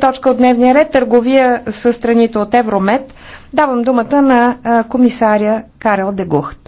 точка от дневния ред търговия с страните от Евромед. Давам думата на комисаря Карел Дегухт.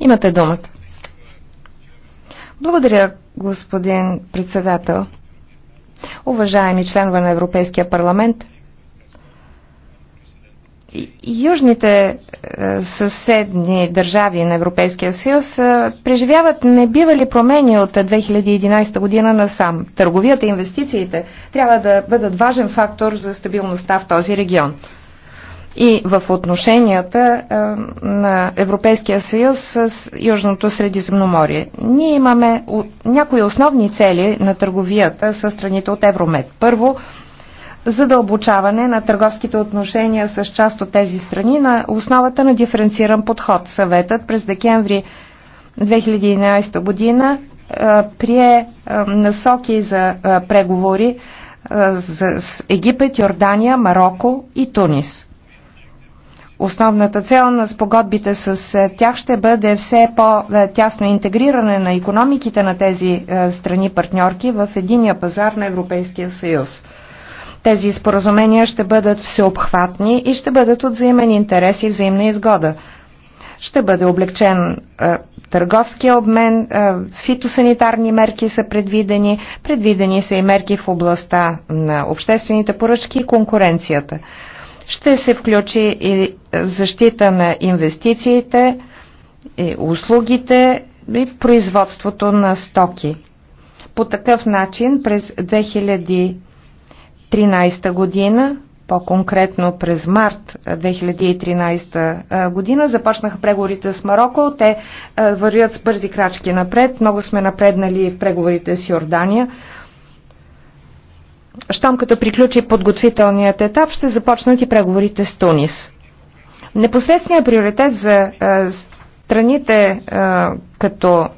Имате думата. Благодаря, господин председател. Уважаеми членове на Европейския парламент, южните е, съседни държави на Европейския съюз е, преживяват небивали промени от 2011 е, година насам. Търговията и инвестициите трябва да бъдат важен фактор за стабилността в този регион и в отношенията е, на Европейския съюз с Южното Средиземноморие. Ние имаме някои основни цели на търговията с страните от Евромед. Първо, задълбочаване на търговските отношения с част от тези страни на основата на диференциран подход. Съветът през декември 2011 година е, прие е, насоки за преговори с Египет, Йордания, Марокко и Тунис. Основната цел на спогодбите с е, тях ще бъде все по-тясно интегриране на економиките на тези е, страни партньорки в единия пазар на Европейския съюз. Тези споразумения ще бъдат всеобхватни и ще бъдат от взаимен интерес и взаимна изгода. Ще бъде облегчен е, търговския обмен, фитосанитарни мерки са предвидени, предвидени са и мерки в областта на обществените поръчки и конкуренцията. Ще се включи и защита на инвестициите, и услугите и производството на стоки. По такъв начин през 2013 година по-конкретно през март 2013 година. Започнаха преговорите с Марокко. Те вървят с бързи крачки напред. Много сме напреднали в преговорите с Йордания щом като приключи подготвителният етап, ще започнат и преговорите с Тунис. Непосредственият приоритет за страните като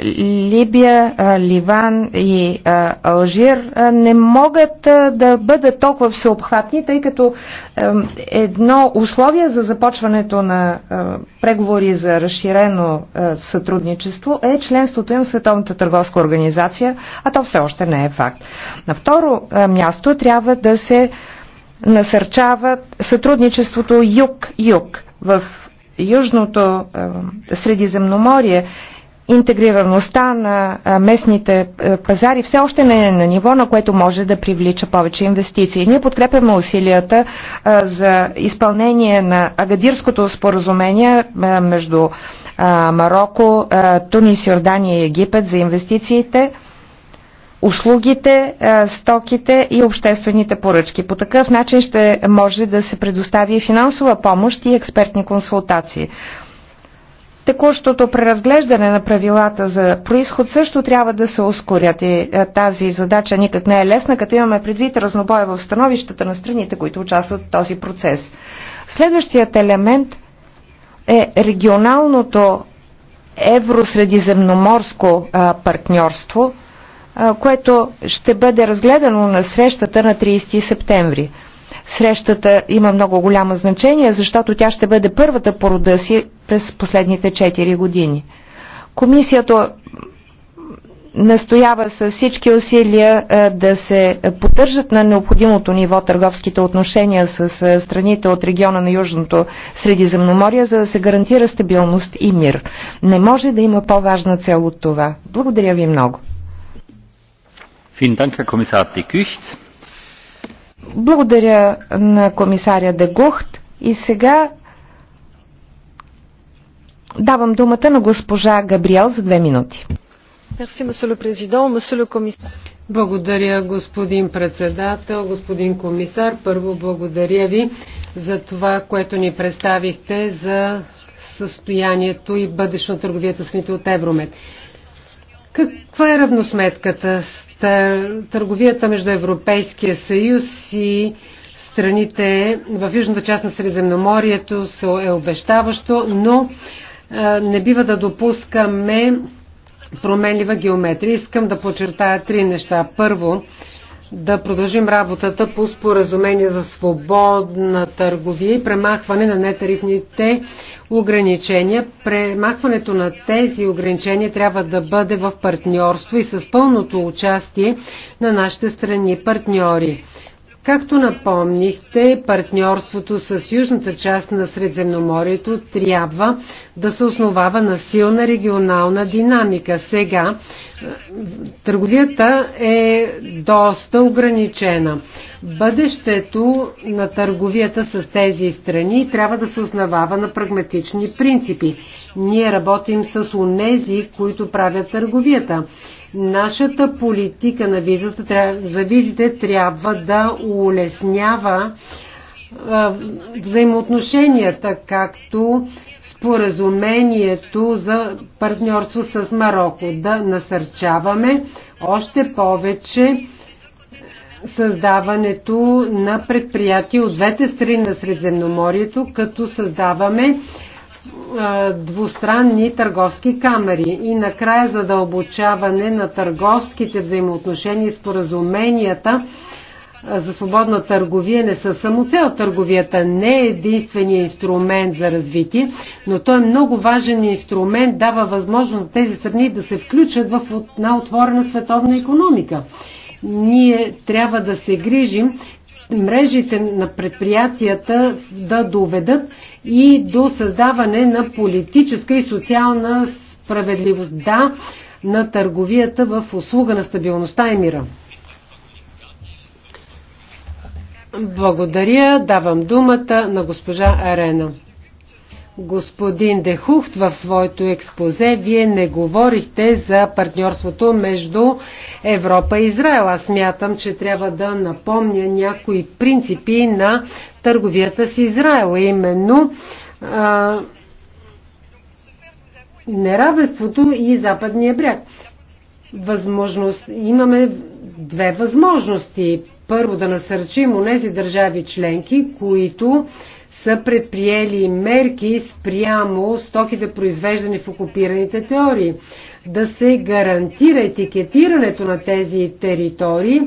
Либия, Ливан и Алжир не могат да бъдат толкова всеобхватни, тъй като едно условие за започването на преговори за разширено сътрудничество е членството им в Световната търговска организация, а то все още не е факт. На второ място трябва да се насърчава сътрудничеството юг-юг в Южното Средиземноморие интегрираността на местните пазари все още не е на ниво, на което може да привлича повече инвестиции. Ние подкрепяме усилията за изпълнение на Агадирското споразумение между Марокко, Тунис, Йордания и Египет за инвестициите услугите, стоките и обществените поръчки. По такъв начин ще може да се предостави финансова помощ и експертни консултации. Текущото преразглеждане на правилата за происход също трябва да се ускорят и е, тази задача никак не е лесна, като имаме предвид разнобоя в становищата на страните, които участват в този процес. Следващият елемент е регионалното евросредиземноморско е, партньорство, е, което ще бъде разгледано на срещата на 30 септември. Срещата има много голямо значение, защото тя ще бъде първата по рода си през последните 4 години. Комисията настоява с всички усилия е, да се поддържат на необходимото ниво търговските отношения с е, страните от региона на Южното Средиземноморие, за да се гарантира стабилност и мир. Не може да има по-важна цел от това. Благодаря ви много. Vielen Dank, Herr Kommissar de благодаря на комисаря Дегухт и сега давам думата на госпожа Габриел за две минути. Благодаря, господин председател, господин комисар. Първо благодаря ви за това, което ни представихте за състоянието и бъдещето на търговията с нито от Евромет. Каква е равносметката? Е, търговията между Европейския съюз и страните в южната част на Средиземноморието е обещаващо, но е, не бива да допускаме променлива геометрия. Искам да подчертая три неща. Първо, да продължим работата по споразумение за свободна търговия и премахване на нетарифните ограничения. Премахването на тези ограничения трябва да бъде в партньорство и с пълното участие на нашите страни партньори. Както напомнихте, партньорството с южната част на Средземноморието трябва да се основава на силна регионална динамика. Сега е, търговията е доста ограничена. Бъдещето на търговията с тези страни трябва да се основава на прагматични принципи. Ние работим с унези, които правят търговията. Нашата политика на визата, за визите трябва да улеснява взаимоотношенията, както споразумението за партньорство с Марокко, да насърчаваме още повече създаването на предприятия от двете страни на Средземноморието, като създаваме двустранни търговски камери и накрая задълбочаване на търговските взаимоотношения и споразуменията за свободна търговия не са само цел. Търговията не е единствения инструмент за развитие, но той е много важен инструмент, дава възможност тези страни да се включат в една отворена световна економика. Ние трябва да се грижим мрежите на предприятията да доведат и до създаване на политическа и социална справедливост. Да, на търговията в услуга на стабилността и мира. Благодаря. Давам думата на госпожа Арена. Господин Дехухт в своето експозе, вие не говорихте за партньорството между Европа и Израел. Аз смятам, че трябва да напомня някои принципи на търговията с Израел. Именно а, неравенството и западния бряг. Възможност, имаме две възможности. Първо да насърчим нези държави членки, които са предприели мерки спрямо стоките произвеждани в окупираните теории. Да се гарантира етикетирането на тези територии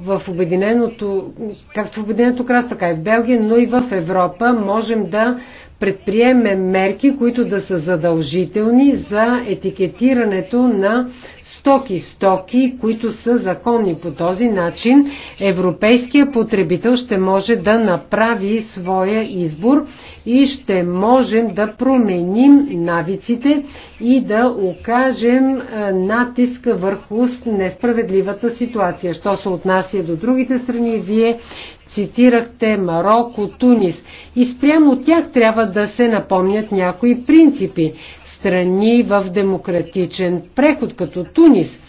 в Обединеното, както в Обединеното кралство, така и в Белгия, но и в Европа можем да предприеме мерки, които да са задължителни за етикетирането на стоки, стоки, които са законни. По този начин европейския потребител ще може да направи своя избор и ще можем да променим навиците и да окажем натиск върху несправедливата ситуация. Що се отнася до другите страни, вие Цитирахте Марокко, Тунис и спрямо от тях трябва да се напомнят някои принципи. Страни в демократичен преход, като Тунис.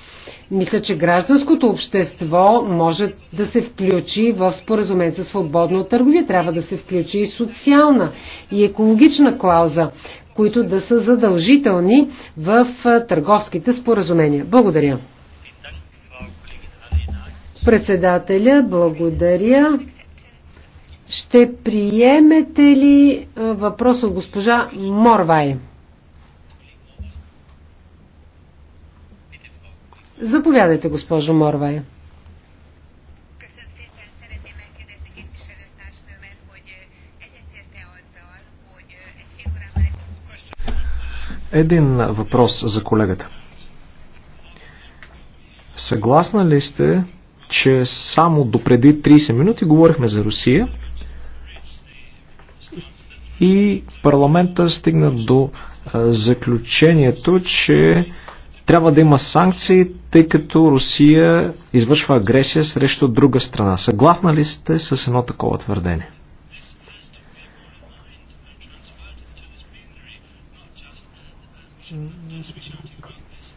Мисля, че гражданското общество може да се включи в споразумение за свободно търговия. Трябва да се включи и социална и екологична клауза, които да са задължителни в търговските споразумения. Благодаря. Председателя, благодаря. Ще приемете ли въпрос от госпожа Морвай? Заповядайте, госпожо Морвай. Един въпрос за колегата. Съгласна ли сте че само допреди 30 минути говорихме за Русия и парламента стигна до заключението, че трябва да има санкции, тъй като Русия извършва агресия срещу друга страна. Съгласна ли сте с едно такова твърдение?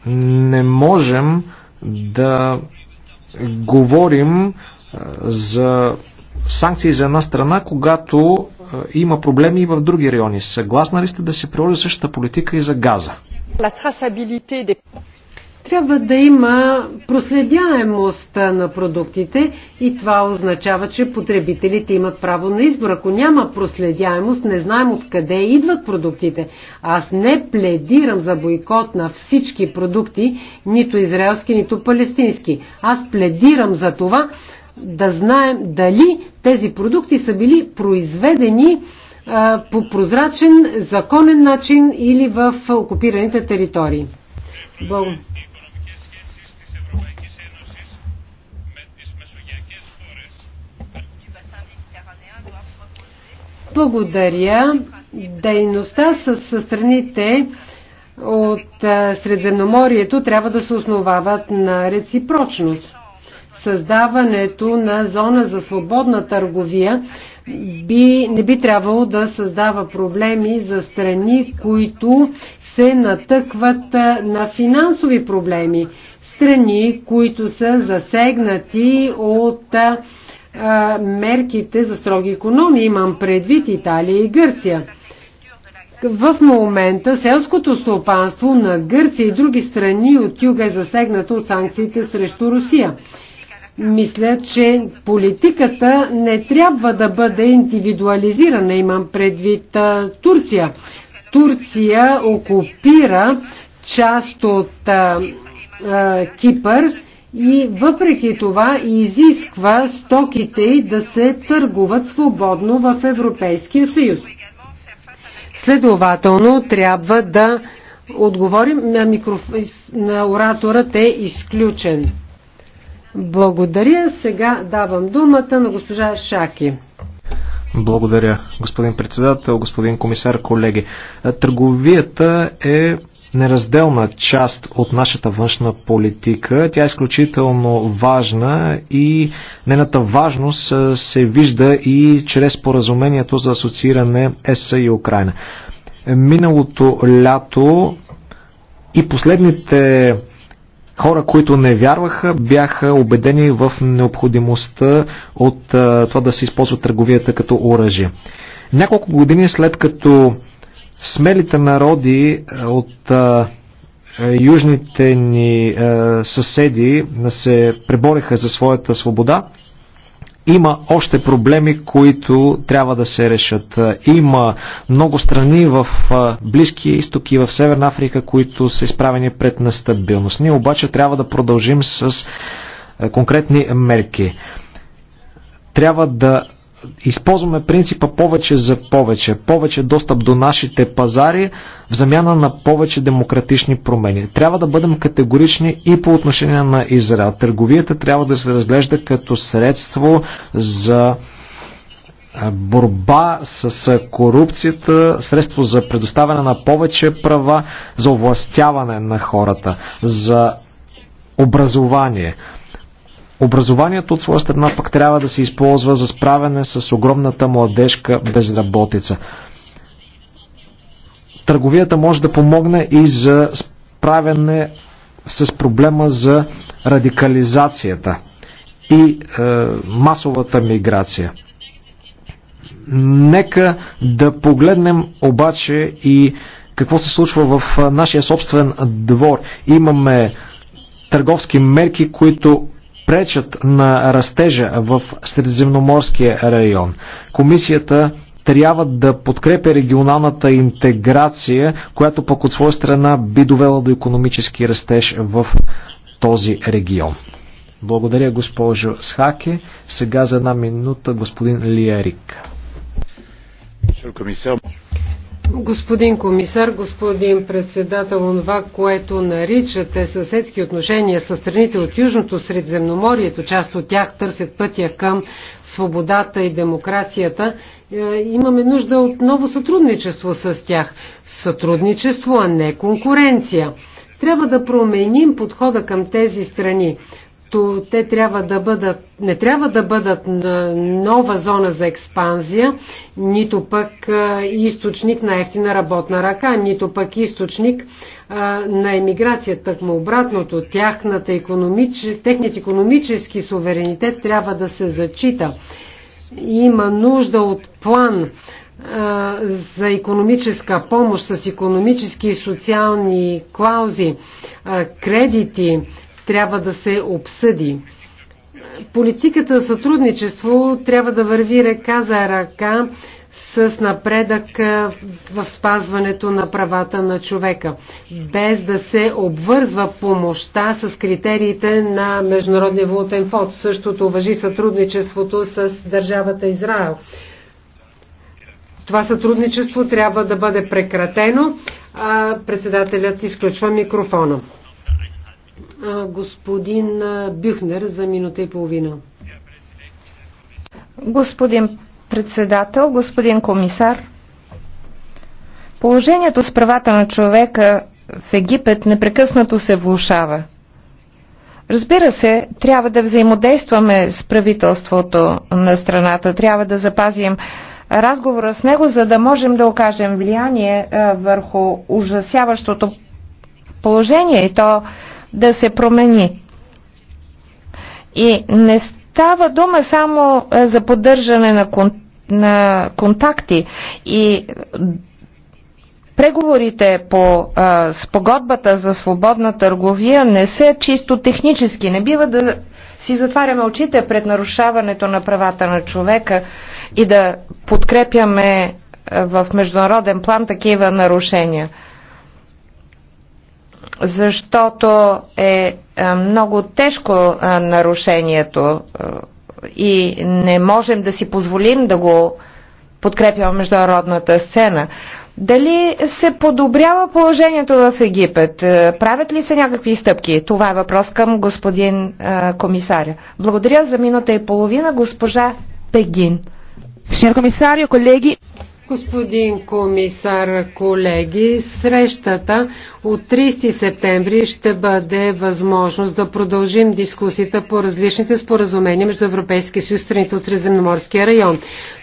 Не можем да говорим за санкции за една страна, когато има проблеми и в други райони. Съгласна ли сте да се приложи същата политика и за газа? Трябва да има проследяемост на продуктите и това означава, че потребителите имат право на избор. Ако няма проследяемост, не знаем откъде идват продуктите. Аз не пледирам за бойкот на всички продукти, нито израелски, нито палестински. Аз пледирам за това да знаем дали тези продукти са били произведени а, по прозрачен, законен начин или в окупираните територии. Благодаря. Благодаря. Дейността с страните от Средземноморието трябва да се основават на реципрочност. Създаването на зона за свободна търговия би, не би трябвало да създава проблеми за страни, които се натъкват на финансови проблеми. Страни, които са засегнати от а, мерките за строги економии, имам предвид Италия и Гърция. В момента селското стопанство на Гърция и други страни от юга е засегнато от санкциите срещу Русия. Мисля, че политиката не трябва да бъде индивидуализирана. Имам предвид а, Турция. Турция окупира част от а, а, Кипър и въпреки това изисква стоките й да се търгуват свободно в Европейския съюз. Следователно трябва да отговорим на, микроф... на ораторът е изключен. Благодаря. Сега давам думата на госпожа Шаки. Благодаря, господин председател, господин комисар, колеги. Търговията е неразделна част от нашата външна политика. Тя е изключително важна и нената важност се вижда и чрез поразумението за асоцииране ЕСА и Украина. Миналото лято и последните хора, които не вярваха, бяха убедени в необходимостта от това да се използва търговията като оръжие. Няколко години след като Смелите народи е, от а, е, е, южните ни а, съседи се пребориха за своята свобода. Има още проблеми, които трябва да се решат. Има много страни в Близкия изток и в Северна Африка, които са изправени пред нестабилност. Ние обаче трябва да продължим с конкретни мерки. Трябва да използваме принципа повече за повече, повече достъп до нашите пазари в замяна на повече демократични промени. Трябва да бъдем категорични и по отношение на Израел. Търговията трябва да се разглежда като средство за борба с корупцията, средство за предоставяне на повече права, за овластяване на хората, за образование. Образованието от своя страна пък трябва да се използва за справяне с огромната младежка безработица. Търговията може да помогне и за справяне с проблема за радикализацията и е, масовата миграция. Нека да погледнем обаче и какво се случва в е, нашия собствен двор. Имаме търговски мерки, които пречат на растежа в Средиземноморския район. Комисията трябва да подкрепя регионалната интеграция, която пък от своя страна би довела до економически растеж в този регион. Благодаря госпожо Схаке. Сега за една минута господин Лиерик. Комисар. Господин комисар, господин председател, това, което наричате съседски отношения с страните от Южното Средземноморието, част от тях търсят пътя към свободата и демокрацията, е, имаме нужда от ново сътрудничество с тях. Сътрудничество, а не конкуренция. Трябва да променим подхода към тези страни те трябва да бъдат, не трябва да бъдат нова зона за експанзия, нито пък източник на ефтина работна ръка, нито пък източник на емиграция. Тъкмо обратното, тяхната економич... техният економически суверенитет трябва да се зачита. Има нужда от план за економическа помощ с економически и социални клаузи, кредити, трябва да се обсъди. Политиката за сътрудничество трябва да върви ръка за ръка с напредък в спазването на правата на човека, без да се обвързва помощта с критериите на Международния валутен фонд. Същото въжи сътрудничеството с държавата Израел. Това сътрудничество трябва да бъде прекратено. А председателят изключва микрофона господин Бюхнер за минута и половина. Господин председател, господин комисар, положението с правата на човека в Египет непрекъснато се влушава. Разбира се, трябва да взаимодействаме с правителството на страната, трябва да запазим разговора с него, за да можем да окажем влияние върху ужасяващото положение и то да се промени. И не става дума само е, за поддържане на, кон, на контакти и Преговорите по а, е, спогодбата за свободна търговия не са чисто технически. Не бива да си затваряме очите пред нарушаването на правата на човека и да подкрепяме е, в международен план такива нарушения защото е, е много тежко е, нарушението е, и не можем да си позволим да го подкрепяме международната сцена. Дали се подобрява положението в Египет? Правят ли се някакви стъпки? Това е въпрос към господин комисаря. Благодаря за минута и половина, госпожа Пегин. Signor комисарио, колеги. Господин комисар, колеги, срещата от 30 септември ще бъде възможност да продължим дискусията по различните споразумения между Европейския съюз и страните от Средиземноморския район.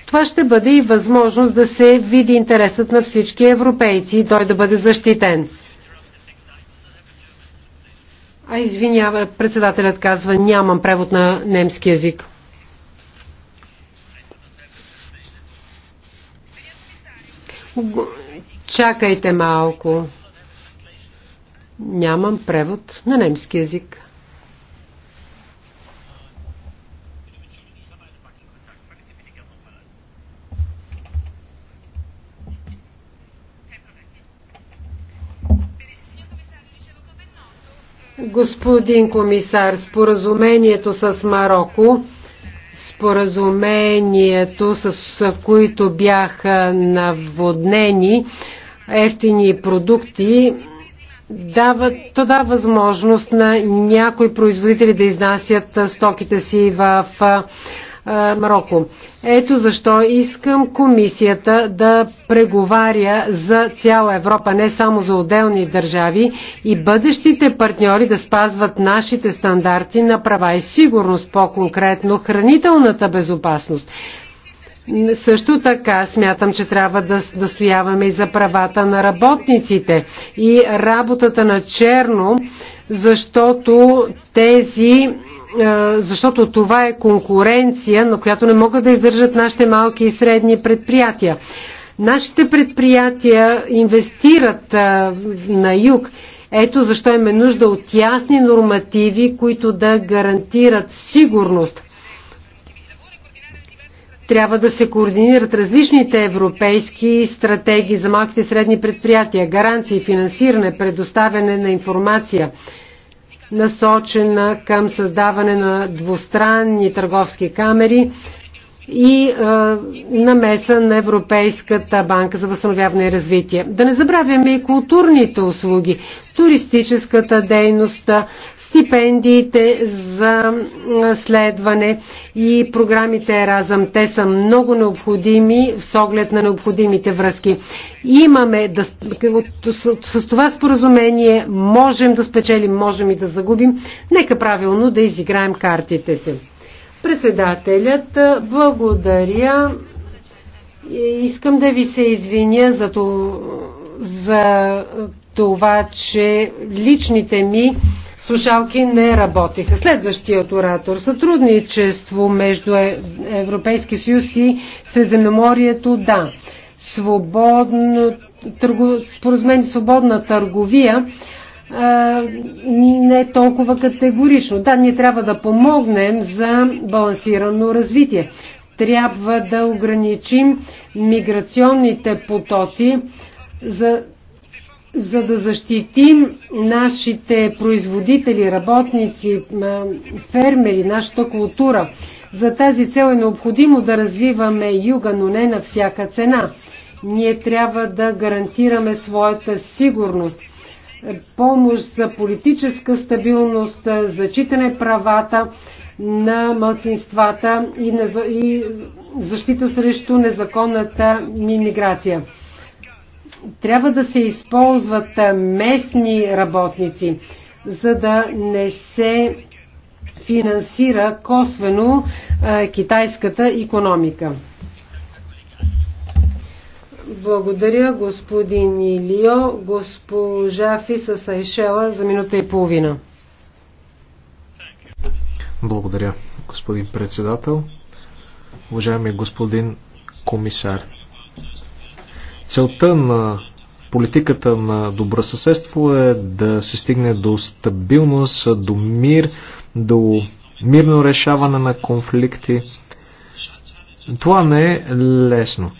Това ще бъде и възможност да се види интересът на всички европейци и той да бъде защитен. А извинява, председателят казва, нямам превод на немски язик. Чакайте малко. Нямам превод на немски язик. Господин комисар, споразумението с Марокко споразумението, с които бяха наводнени ефтини продукти, дава, то дава възможност на някои производители да изнасят стоките си в е, Марокко. Ето защо искам комисията да преговаря за цяла Европа, не само за отделни държави и бъдещите партньори да спазват нашите стандарти на права и сигурност, по-конкретно хранителната безопасност. Също така смятам, че трябва да настояваме и за правата на работниците и работата на черно, защото тези е, защото това е конкуренция, на която не могат да издържат нашите малки и средни предприятия. Нашите предприятия инвестират е, на юг. Ето защо имаме нужда от ясни нормативи, които да гарантират сигурност. Трябва да се координират различните европейски стратегии за малките и средни предприятия, гаранции, финансиране, предоставяне на информация – насочена към създаване на двустранни търговски камери, и а, намеса на Европейската банка за възстановяване и развитие. Да не забравяме и културните услуги, туристическата дейност, стипендиите за следване и програмите Еразъм. Те са много необходими с оглед на необходимите връзки. Имаме да, с, с това споразумение можем да спечелим, можем и да загубим. Нека правилно да изиграем картите си. Председателят, благодаря. Искам да ви се извиня за, това, за това, че личните ми слушалки не работиха. Следващият оратор. Сътрудничество между е- Европейски съюз и Средземноморието, да. Свободно, търго, споразумение свободна търговия не толкова категорично. Да, ние трябва да помогнем за балансирано развитие. Трябва да ограничим миграционните потоци, за, за да защитим нашите производители, работници, фермери, нашата култура. За тази цел е необходимо да развиваме юга, но не на всяка цена. Ние трябва да гарантираме своята сигурност помощ за политическа стабилност, зачитане правата на мълцинствата и, и защита срещу незаконната миграция. Трябва да се използват местни работници, за да не се финансира косвено китайската економика. Благодаря, господин Илио. Госпожа Фиса Сайшела за минута и половина. Благодаря, господин председател. Уважаеми господин комисар, целта на политиката на добросъседство е да се стигне до стабилност, до мир, до мирно решаване на конфликти. Това не е лесно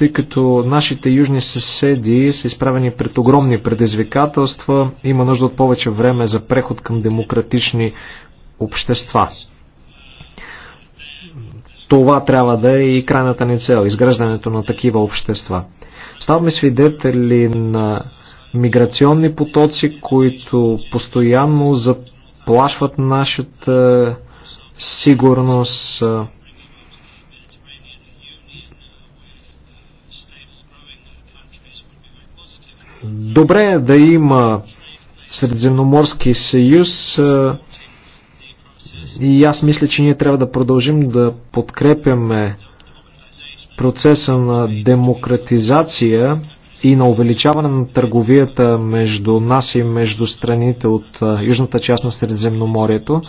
тъй като нашите южни съседи са изправени пред огромни предизвикателства, има нужда от повече време за преход към демократични общества. Това трябва да е и крайната ни цел, изграждането на такива общества. Ставаме свидетели на миграционни потоци, които постоянно заплашват нашата сигурност, Добре е да има Средиземноморски съюз и аз мисля, че ние трябва да продължим да подкрепяме процеса на демократизация и на увеличаване на търговията между нас и между страните от южната част на Средиземноморието.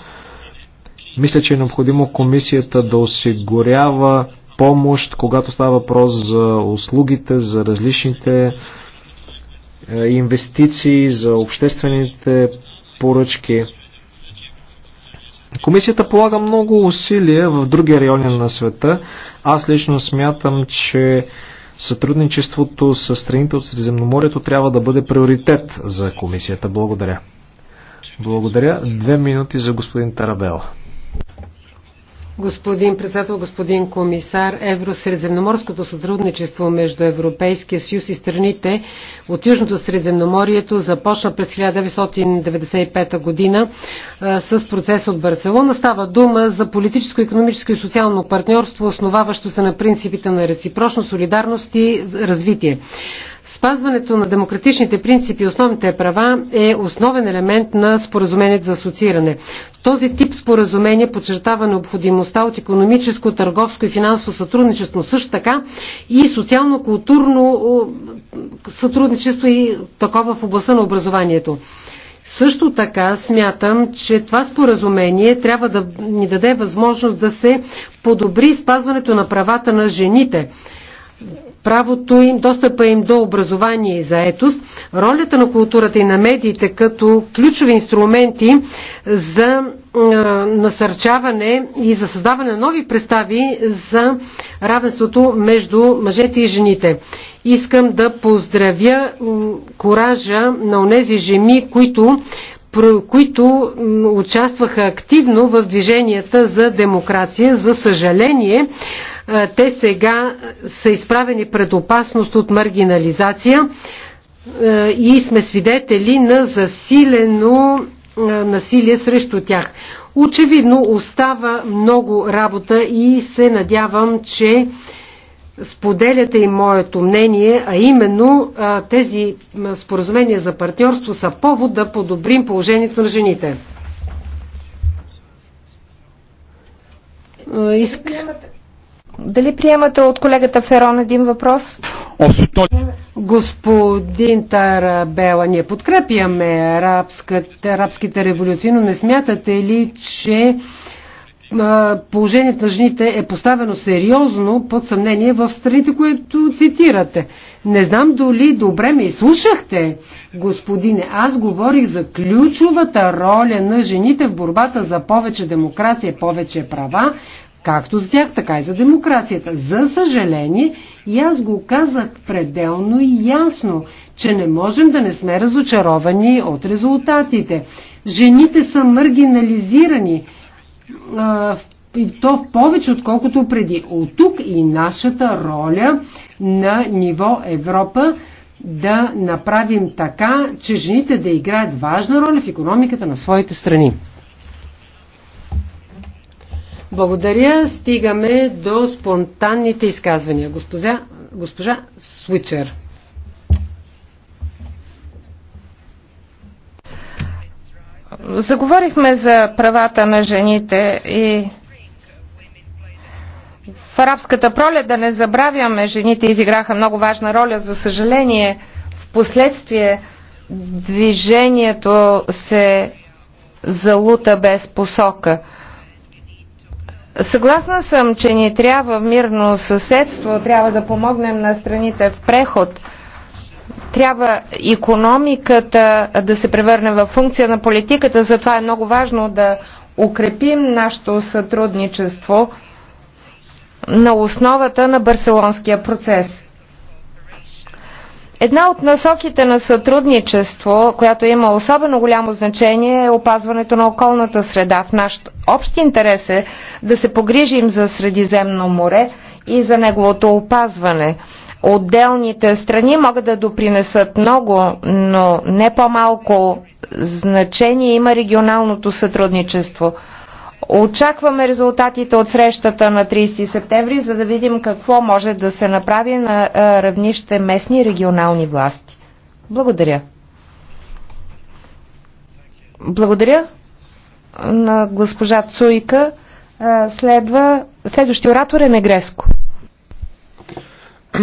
Мисля, че е необходимо комисията да осигурява помощ, когато става въпрос за услугите, за различните е, инвестиции, за обществените поръчки. Комисията полага много усилия в други райони на света. Аз лично смятам, че сътрудничеството с страните от Средиземноморието трябва да бъде приоритет за комисията. Благодаря. Благодаря. Две минути за господин Тарабела. Господин председател, господин комисар, Евросредземноморското сътрудничество между Европейския съюз и страните от Южното Средземноморието започна през 1995 година а, с процес от Барселона. Става дума за политическо, економическо и социално партньорство, основаващо се на принципите на реципрочност, солидарност и развитие. Спазването на демократичните принципи и основните права е основен елемент на споразумението за асоцииране. Този тип споразумение подчертава необходимостта от економическо, търговско и финансово сътрудничество, също така и социално-културно сътрудничество и такова в областта на образованието. Също така смятам, че това споразумение трябва да ни даде възможност да се подобри спазването на правата на жените правото им, достъпа им до образование и заетост, ролята на културата и на медиите като ключови инструменти за насърчаване и за създаване на нови представи за равенството между мъжете и жените. Искам да поздравя коража на онези жени, които които участваха активно в движенията за демокрация. За съжаление, е, те сега са изправени пред опасност от маргинализация е, и сме свидетели на засилено е, насилие срещу тях. Очевидно остава много работа и се надявам, че споделяте и моето мнение, а именно тези споразумения за партньорство са повод да подобрим положението на жените. Иск... Дали приемате от колегата Ферон един въпрос? Господин Тарабела, ние подкрепяме арабските революции, но не смятате ли, че положението на жените е поставено сериозно под съмнение в страните, които цитирате. Не знам дали добре ме изслушахте, господине. Аз говорих за ключовата роля на жените в борбата за повече демокрация, повече права, Както за тях, така и за демокрацията. За съжаление, и аз го казах пределно и ясно, че не можем да не сме разочаровани от резултатите. Жените са маргинализирани а, и то повече отколкото преди. От тук и нашата роля на ниво Европа да направим така, че жените да играят важна роля в економиката на своите страни. Благодаря. Стигаме до спонтанните изказвания. Госпожа, госпожа Свичер. Заговорихме за правата на жените и в арабската пролет, да не забравяме, жените изиграха много важна роля. За съжаление, в последствие движението се залута без посока. Съгласна съм, че ни трябва мирно съседство, трябва да помогнем на страните в преход. Трябва економиката да се превърне в функция на политиката, затова е много важно да укрепим нашето сътрудничество на основата на Барселонския процес. Една от насоките на сътрудничество, която има особено голямо значение, е опазването на околната среда. В наш общ интерес е да се погрижим за Средиземно море и за неговото опазване. Отделните страни могат да допринесат много, но не по-малко значение има регионалното сътрудничество – Очакваме резултатите от срещата на 30 септември, за да видим какво може да се направи на равнище местни и регионални власти. Благодаря. Благодаря на госпожа Цуйка. Следва следващия оратор е Негреско.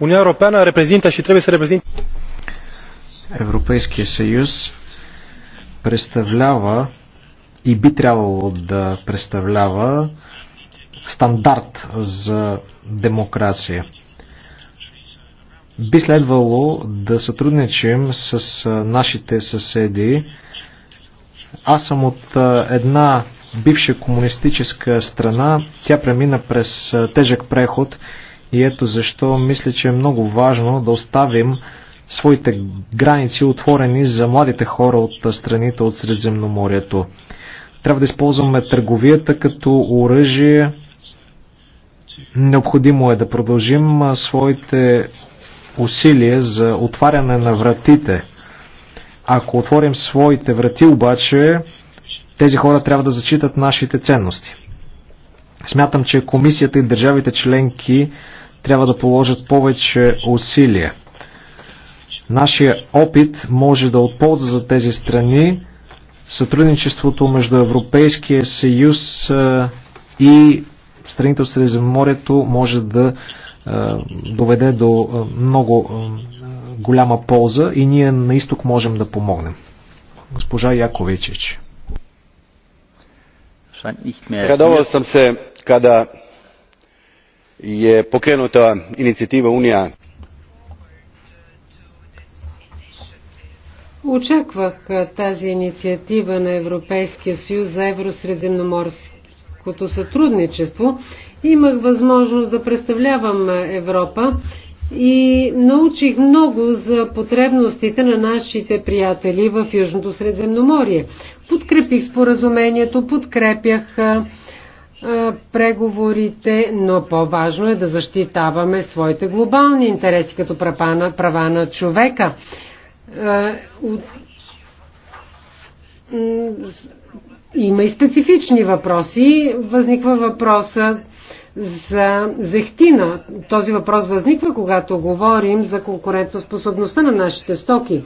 Уния репрезинта, ще трябва да се reprezinte Европейския съюз представлява и би трябвало да представлява стандарт за демокрация. Би следвало да сътрудничим с нашите съседи. Аз съм от една бивша комунистическа страна. Тя премина през тежък преход и ето защо мисля, че е много важно да оставим своите граници отворени за младите хора от страните от Средземноморието. Трябва да използваме търговията като оръжие. Необходимо е да продължим своите усилия за отваряне на вратите. Ако отворим своите врати, обаче, тези хора трябва да зачитат нашите ценности. Смятам, че комисията и държавите членки трябва да положат повече усилия. Нашия опит може да отползва за тези страни, сътрудничеството между Европейския съюз и страните от Средиземноморието може да доведе до много голяма полза и ние на изток можем да помогнем. Госпожа Яковичич. Е Радовал съм се када je pokrenuta inicijativa Unija Очаквах тази инициатива на Европейския съюз за евросредземноморското сътрудничество. Имах възможност да представлявам Европа и научих много за потребностите на нашите приятели в Южното Средземноморие. Подкрепих споразумението, подкрепях преговорите, но по-важно е да защитаваме своите глобални интереси като права на, права на човека е, има и специфични въпроси. Възниква въпроса за зехтина. Този въпрос възниква, когато говорим за конкурентоспособността на нашите стоки.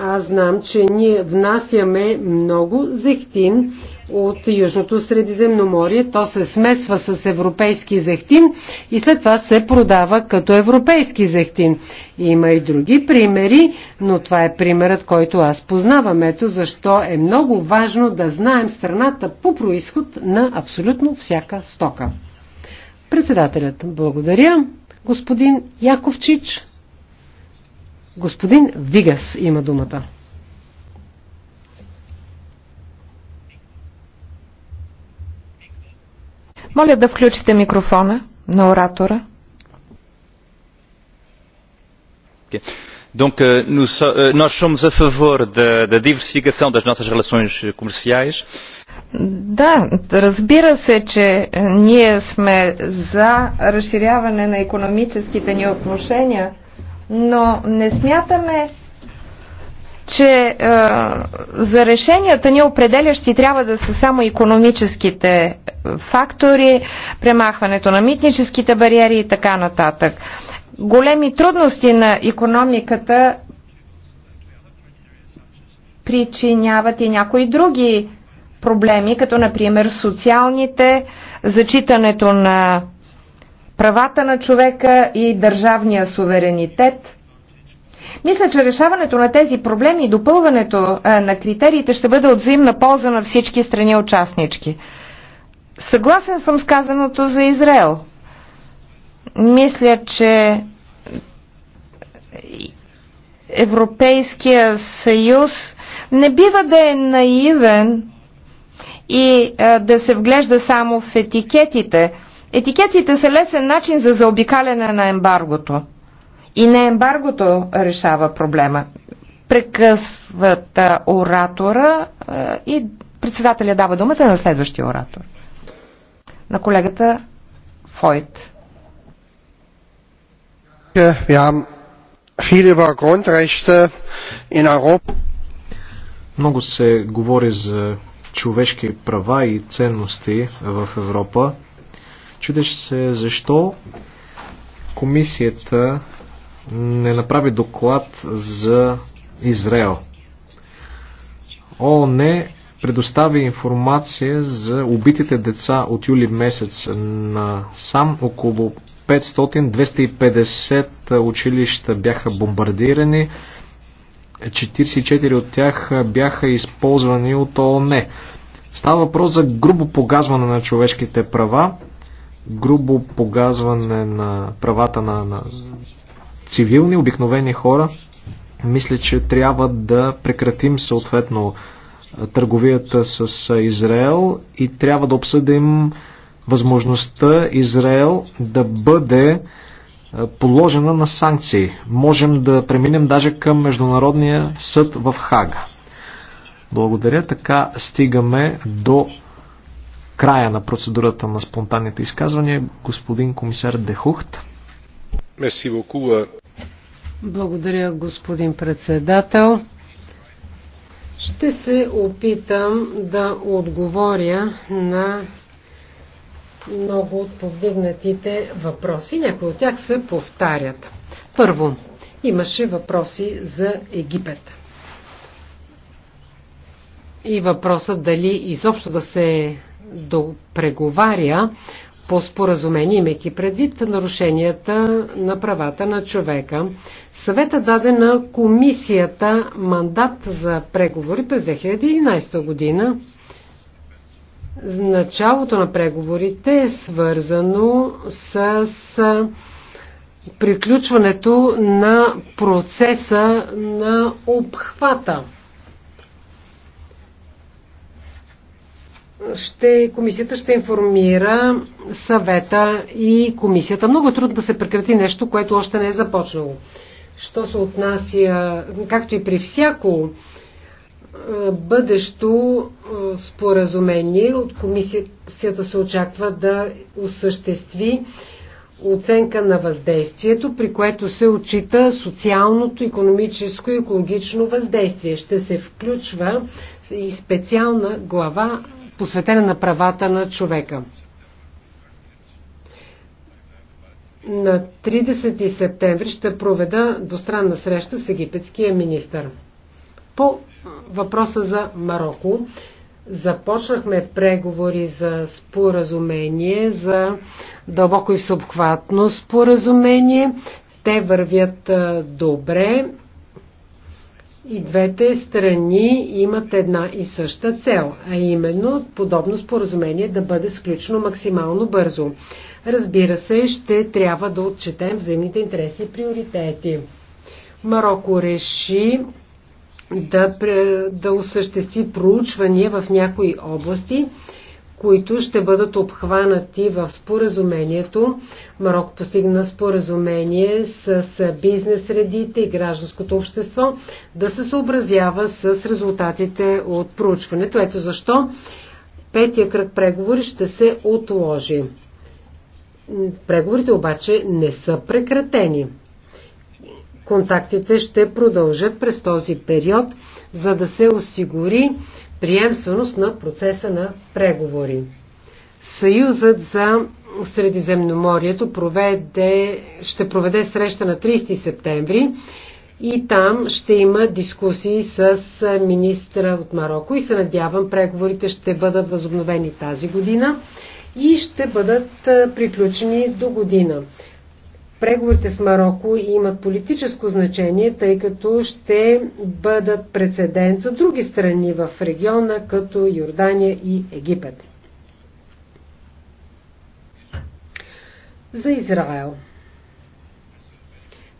Аз знам, че ние внасяме много зехтин от Южното Средиземноморие. То се смесва с европейски зехтин и след това се продава като европейски зехтин. Има и други примери, но това е примерът, който аз познавам. Ето защо е много важно да знаем страната по происход на абсолютно всяка стока. Председателят, благодаря. Господин Яковчич, господин Вигас има думата. Моля да включите микрофона на оратора. Okay. Donc, euh, nous, nós somos a favor da, da diversificação das nossas relações comerciais. Да, разбира се, че е, ние сме за разширяване на економическите ни отношения, но не смятаме, че е, за решенията ни определящи трябва да са само економическите е, фактори, премахването на митническите бариери и така нататък. Големи трудности на економиката причиняват и някои други проблеми, като например социалните, зачитането на правата на човека и държавния суверенитет – мисля, че решаването на тези проблеми и допълването е, на критериите ще бъде от взаимна полза на всички страни участнички. Съгласен съм с казаното за Израел. Мисля, че Европейския съюз не бива да е наивен и а, е, да се вглежда само в етикетите. Етикетите са лесен начин за заобикаляне на ембаргото. И не ембаргото решава проблема. Прекъсват оратора и председателя дава думата на следващия оратор. На колегата Фойт. Е, Много се говори за човешки права и ценности в Европа. Чудеш се защо комисията не направи доклад за Израел. ООН предостави информация за убитите деца от юли месец на сам около 500-250 училища бяха бомбардирани, 44 от тях бяха използвани от ООН. Става въпрос за грубо погазване на човешките права, грубо погазване на правата на, на цивилни, обикновени хора, мисля, че трябва да прекратим съответно търговията с Израел и трябва да обсъдим възможността Израел да бъде положена на санкции. Можем да преминем даже към Международния съд в Хага. Благодаря. Така стигаме до края на процедурата на спонтанните изказвания. Господин комисар Дехухт. Euh. Благодаря, господин председател. Ще се опитам да отговоря на много от повдигнатите въпроси. Някои от тях се повтарят. Първо, имаше въпроси за Египет. И въпросът дали изобщо да се допреговаря по споразумение, имайки предвид нарушенията на правата на човека. Съвета даде на комисията мандат за преговори през 2011 година. Началото на преговорите е свързано с приключването на процеса на обхвата. ще, комисията ще информира съвета и комисията. Много е трудно да се прекрати нещо, което още не е започнало. Що се отнася, както и при всяко е, бъдещо е, споразумение от комисията се очаква да осъществи оценка на въздействието, при което се отчита социалното, економическо и екологично въздействие. Ще се включва и специална глава посветена на правата на човека. На 30 септември ще проведа двустранна среща с египетския министр. По въпроса за Марокко започнахме преговори за споразумение, за дълбоко и всеобхватно споразумение. Те вървят добре. И двете страни имат една и съща цел, а именно подобно споразумение да бъде сключено максимално бързо. Разбира се, ще трябва да отчетем взаимните интереси и приоритети. Марокко реши да, да осъществи проучвания в някои области, които ще бъдат обхванати в споразумението. Марокко постигна споразумение с бизнес средите и гражданското общество да се съобразява с резултатите от проучването. Ето защо петия кръг преговори ще се отложи. Преговорите обаче не са прекратени. Контактите ще продължат през този период, за да се осигури приемственост на процеса на преговори. Съюзът за Средиземноморието проведе, ще проведе среща на 30 септември и там ще има дискусии с министра от Марокко и се надявам преговорите ще бъдат възобновени тази година и ще бъдат приключени до година. Преговорите с Марокко имат политическо значение, тъй като ще бъдат прецедент за други страни в региона, като Йордания и Египет. За Израел.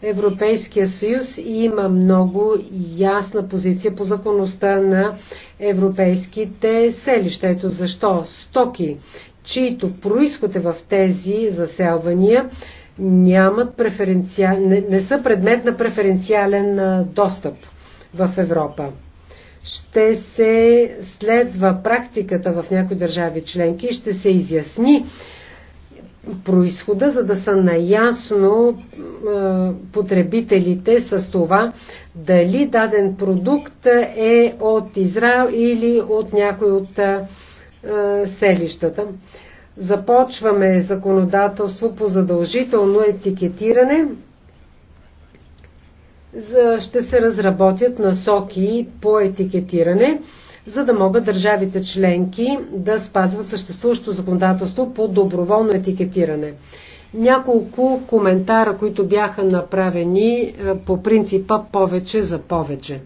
Европейския съюз има много ясна позиция по законността на европейските селища. Ето защо стоки, чието происход е в тези заселвания, нямат преференциал, не, не са предмет на преференциален достъп в Европа. Ще се следва практиката в някои държави членки и ще се изясни происхода, за да са наясно а, потребителите с това дали даден продукт е от Израел или от някой от а, селищата. Започваме законодателство по задължително етикетиране. За, ще се разработят насоки по етикетиране, за да могат държавите членки да спазват съществуващото законодателство по доброволно етикетиране. Няколко коментара, които бяха направени е, по принципа повече за повече.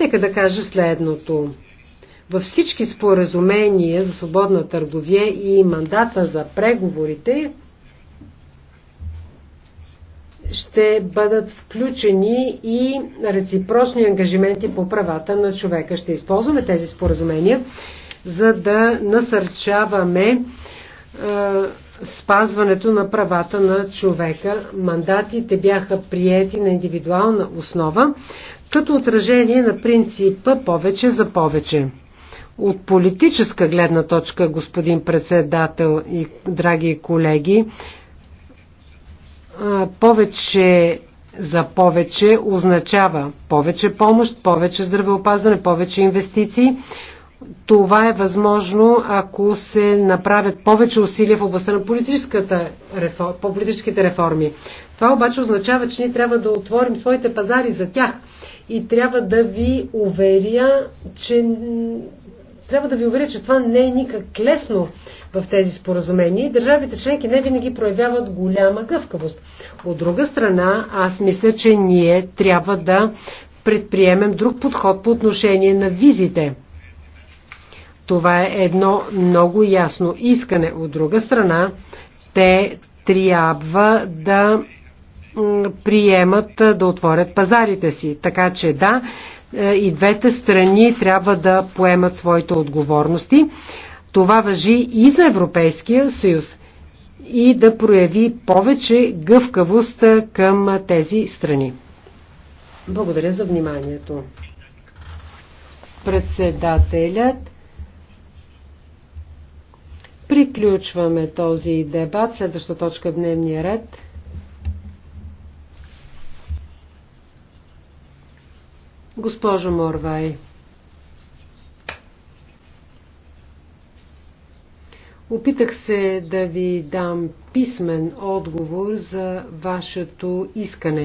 Нека да кажа следното. Във всички споразумения за свободна търговия и мандата за преговорите ще бъдат включени и реципрочни ангажименти по правата на човека. Ще използваме тези споразумения, за да насърчаваме е, спазването на правата на човека. Мандатите бяха приети на индивидуална основа, като отражение на принципа повече за повече. От политическа гледна точка, господин председател и драги колеги, повече за повече означава повече помощ, повече здравеопазване, повече инвестиции. Това е възможно, ако се направят повече усилия в областта на политическата по политическите реформи. Това обаче означава, че ние трябва да отворим своите пазари за тях. И трябва да ви уверя, че трябва да ви уверя, че това не е никак лесно в тези споразумения и държавите членки не винаги проявяват голяма гъвкавост. От друга страна, аз мисля, че ние трябва да предприемем друг подход по отношение на визите. Това е едно много ясно искане. От друга страна, те трябва да приемат да отворят пазарите си. Така че да, и двете страни трябва да поемат своите отговорности. Това въжи и за Европейския съюз и да прояви повече гъвкавост към тези страни. Благодаря за вниманието. Председателят. Приключваме този дебат. Следваща точка в дневния ред. Госпожо Морвай, опитах се да ви дам писмен отговор за вашето искане.